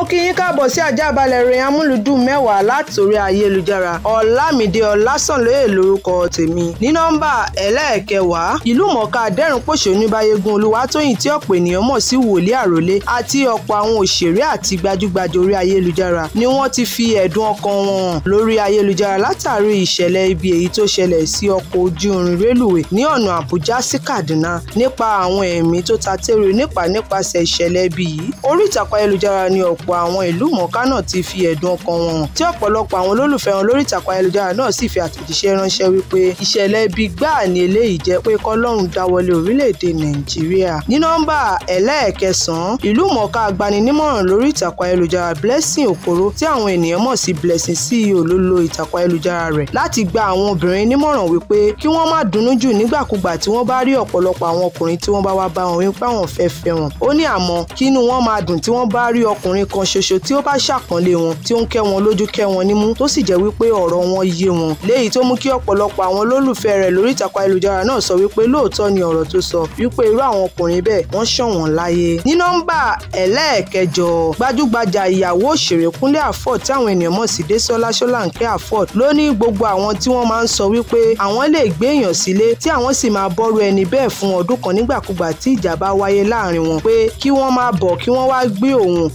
mo kí yín káàbọ̀ sí àjábalẹ̀ rẹ̀ amúlùdùn mẹ́wàá látòrí ayélujára ọ̀làmídé ọ̀làsànlóye lórúkọ tèmi ní nọ́mbà ẹlẹ́ẹ̀kẹwàá ìlú mọ̀ọ́ká dẹ́rùn-pọ̀ṣọ́nù báyégún olúwatóyìn tí ọ̀pọ̀ ènìyàn mọ̀ sí wòlíì àròlé àti ọ̀pọ̀ àwọn òṣèré àti gbajúgbajà orí ayélujára ni wọ́n ti fi ẹ̀dùn ọkàn wọn hàn lórí ayélujára látàrí ìṣẹ̀lẹ̀ ibi èyí tó ṣẹlẹ̀ sí ọkọ̀ ojú irin rélùwé ní ọ̀nà àbújá sí kaduna nípa àwọn ẹ̀mí tó ta tẹ́rù nípa nípasẹ̀ ìṣẹ̀lẹ̀ ibi yìí orí ìtàkùn ayélujára ni ọ̀pọ̀ ọ̀pọ̀lọpọ̀ àwọn ìlúmọ̀ọ́ká náà ti fi ẹ̀dùn ọkàn wọn hàn tí ọ̀pọ̀lọpọ̀ àwọn olólùfẹ́ wọn lórí ìtàkùn ayélujára náà sì fi àtẹ̀jíṣẹ́ ránṣẹ́ wípé ìṣẹ̀lẹ̀ ibi gbáà ni eléyìí jẹ́ pé kọ́lọ́run dáwọ́lé orílẹ̀-èdè Nàìjíríà. ní nọ́mbà ẹlẹ́ẹ̀kẹsàn-án ìlúmọ̀ọ́ká agbaninímọ̀ràn lórí ìtàkùn ayélujára Blessing Okoro tí àwọn ènìyàn mọ̀ sí Blessing CEO ló lo ìtàkùn ayélujára rẹ̀ láti gba àwọn obìnrin nímọ̀ràn wípé kí wọ́n má dunnú jù nígbàkúgbà tí wọ́n bá rí ọ̀pọ̀lọpọ̀ àwọn ọkùnrin tí wọ́n bá wá bá wọn wípé àwọn fẹ́ fẹ́ wọn. ó ní àmọ́ kínú wọn máa dùn tí wọ́n bá rí ọkùnrin kan nìkan ṣoṣo tí ó bá ṣàpọ́nlé wọn tí ó ń kẹ́ wọn lójú kẹ́ wọn nímú tó sì jẹ́ wípé ọ̀rọ̀ wọn yé wọn léyìí tó mú kí ọ̀pọ̀lọpọ̀ àwọn olólùfẹ́ rẹ̀ lórí ìtàkùn ayélujára náà sọ wípé lóòótọ́ ni ọ̀rọ̀ tó sọ wípé irú àwọn ọkùnrin bẹ́ẹ̀ wọ́n ṣọ̀wọ́n láyé ní nọ́mbà ẹlẹ́ẹ̀kẹjọ gbajúgbajà ìyàwó òṣèré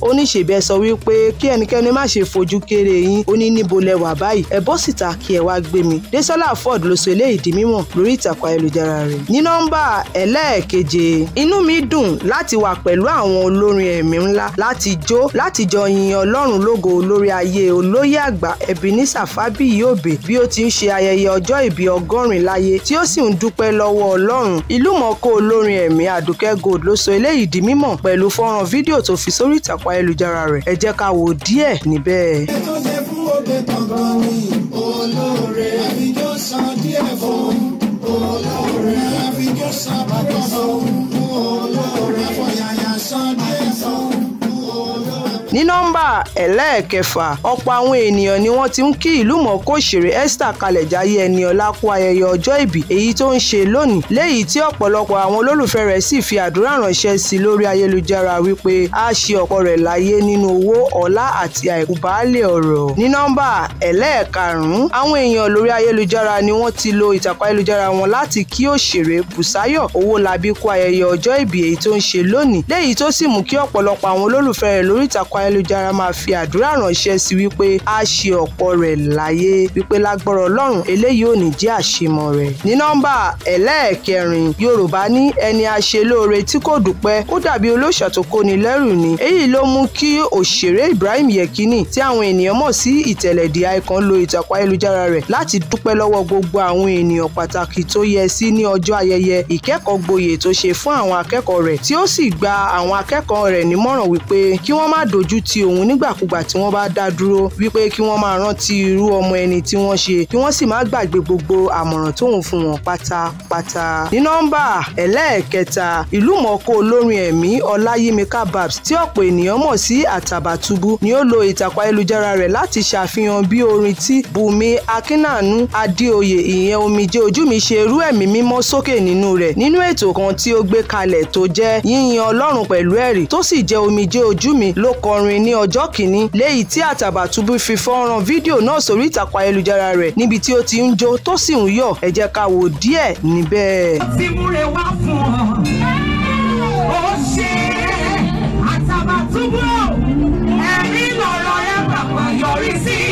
Kúnlé dẹ̀ sọ wípé kí ẹnikẹ́ni má ṣe fojú kéré yín ó ní níbo lẹ wà báyìí ẹ bọ́ síta kí ẹ wá gbé mi Désọlá Ford ló sọ eléyìí di mímọ̀ lórí ìtàkùn ayélujára rẹ̀ ní nọ́mbà ẹlẹ́ẹ̀keje inú mi dùn láti wà pẹ̀lú àwọn olórin ẹ̀mí ńlá láti jó láti jọ yin Ọlọ́run lógo olórí ayé olóyè àgbà Ebenezer Fábíyì Òbè bí ó ti ń ṣe ayẹyẹ ọjọ́ ìbí ọgọ́rin láyé tí ó sì ń dúpẹ́ lọ́wọ́ Ọlọ́run ìlúmọ̀ọ́ká olórin ẹ̀mí Àdùkẹ́ Gold ló sọ eléyìí di mímọ̀ pẹ̀lú fọ́nrán fídíò tó fi sórí ìtàkùn ayélujára rẹ̀ ẹ jẹ́ ká wo díẹ̀ níbẹ̀. olóore àfijọ́ san díẹ̀ fún olóore àfijọ́ san bàtọ́ ní nọ́mbà ẹlẹ́ẹ̀kẹfà ọ̀pọ̀ àwọn ènìyàn ni wọ́n ti ń kí ìlú mọ̀ọ́ká òṣèré Esther Kalẹ̀jayé Ẹniọlá kú ayẹyẹ ọjọ́ ìbí èyí tó ń ṣe lónìí léyìí tí ọ̀pọ̀lọpọ̀ àwọn olólùfẹ́ rẹ̀ sì fi àdúrà ránṣẹ́ sí lórí ayélujára wípé a ṣe ọkọ rẹ̀ láyé nínú owó ọlá àti àìkú baálẹ̀ ọ̀rọ̀ ní nọ́mbà ẹlẹ́ẹ̀karùn àwọn èèyàn lórí ayélujára ni wọ́n ti lo ìtàkùn ayélujára wọn láti kí òṣèré Bùsáyọ̀ labi kú ayẹyẹ ọjọ́ ìbí èyí tó ń ṣe lónìí léyìí tó sì mú kí ọ̀pọ̀lọpọ̀ àwọn olólùfẹ́ rẹ̀ lórí ìtàkùn ayélujára máa fi àdúrà ránṣẹ́ sí wípé a ṣe ọ̀pọ̀ rẹ̀ láyé wípé lágbọ́rọ̀ ọlọ́run eléyìí ò ní jẹ́ àṣemọ̀ rẹ̀. ní nọ́mbà ẹlẹ́ẹ̀kẹrin yorùbá ní ẹni aṣelóore tí kò dúpẹ́ ó dàbí olóṣà tó kóni lẹ́rù ni èyí ló mú kí òṣèré ibrahim yekini tí àwọn ènìyàn mọ̀ sí ìtẹ̀lẹ̀ the icon lo ìtàkùn ayélujára rẹ̀ láti dúpẹ́ lọ́wọ́ gbogbo ojú ti òun nígbàkúgbà tí wọ́n bá dá dúró wípé kí wọ́n máa rántí irú ọmọ ẹni tí wọ́n ṣe kí wọ́n sì má gbàgbé gbogbo àmọ̀ràn tóun fún wọn pátápátá. ní nọ́mbà ẹlẹ́ẹ̀kẹta ìlú mọ̀ọ́kọ olórin ẹ̀mí ọláyímíkà babs tí ọ̀pọ̀ ènìyàn mọ̀ sí àtàbàtúbú ni ó lo ìtàkùn ayélujára rẹ̀ láti ṣàfihàn bí orin tí bùnmi akínàánú adéoyè ìyẹn omijé ojú mi ṣe rú ẹ̀mí mímọ́ sókè nínú rẹ̀ nínú ètò kan tí ó gbé kalẹ̀ tó jẹ́ yíyin ọlọ́run pẹ̀lú ẹ̀rí tó sì jẹ́ omijé ojú mi ló kọrin márùn-ún ní ọjọ́ kìíní léyìí tí àtàbàtúbú fi fọ́nrán fídíò náà sórí ìtàkùn ayélujára rẹ̀ níbi tí ó ti ń jó tó sì ń yọ̀ ẹ jẹ́ ká wò díẹ̀ níbẹ̀. ó ti múre wá fún ọ ó ṣe àtàbàtúbú ẹ̀rí lọ̀rọ̀ ẹ̀ pàpà yọrí sí.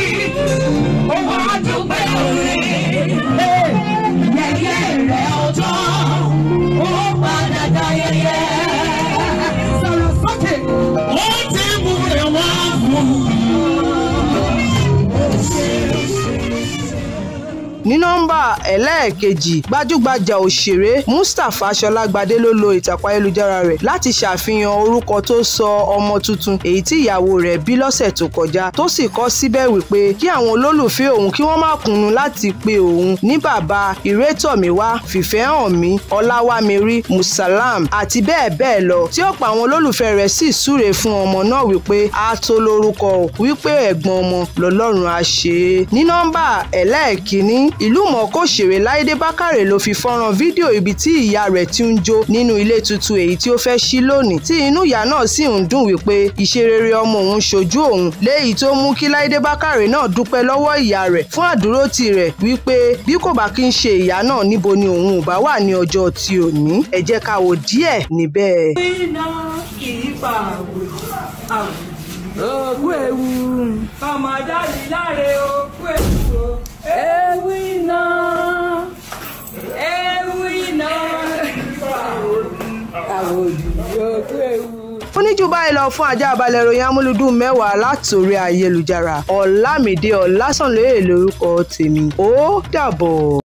ní nọ́mbà ẹlẹ́ẹ̀kejì gbajúgbajà òṣèré Mustapha Ṣọlágbadé ló lo ìtàkùn ayélujára rẹ̀ láti ṣàfihàn orúkọ tó sọ ọmọ tuntun èyí tí ìyàwó rẹ̀ bí lọ́sẹ̀ tó kọjá tó sì kọ síbẹ̀ wípé kí àwọn olólùfẹ́ òun kí wọ́n má kùnú láti pe òun ní bàbá ìrétọ̀míwá fìfẹ́hànmí ọláwámírí musalam àti bẹ́ẹ̀ bẹ́ẹ̀ lọ tí ọ̀pọ̀ àwọn olólùfẹ́ rẹ̀ sì súre fún ọmọ náà wípé a tó lórúkọ wípé ẹ̀gbọ́n ọmọ lọ́lọ́run á ṣe é ní nọ́mbà ẹlẹ́ẹ̀kínní ìlú mọ̀ọ́ká òṣèré Láídé Bákàrè ló fi fọ́nrán fídíò ibi tí ìyá rẹ̀ ti ń jó nínú ilé tuntun èyí tí ó fẹ́ ṣí lónìí tí inú ìyá náà sì ń dùn wípé ìṣerere ọmọ òun ṣojú òun léyìí tó mú kí Láídé Bákàrè náà dúpẹ́ lọ́wọ́ ìyá rẹ̀ fún àdúrótì rẹ̀ wípé bí kò bá kí ń ṣe ìyá náà níbo ni òun ò bá wà ní ọjọ́ ti òní ẹ jẹ́ ká wò díẹ̀ níbẹ̀. iná kì ọmọ oníjú báyìí lọ fún ajá balẹ̀ ìròyìn amúlùdùn mẹ́wàá látòrí ayélujára ọ̀làmídé ọ̀làsànlóye lórúkọ tèmi ó dàbọ̀.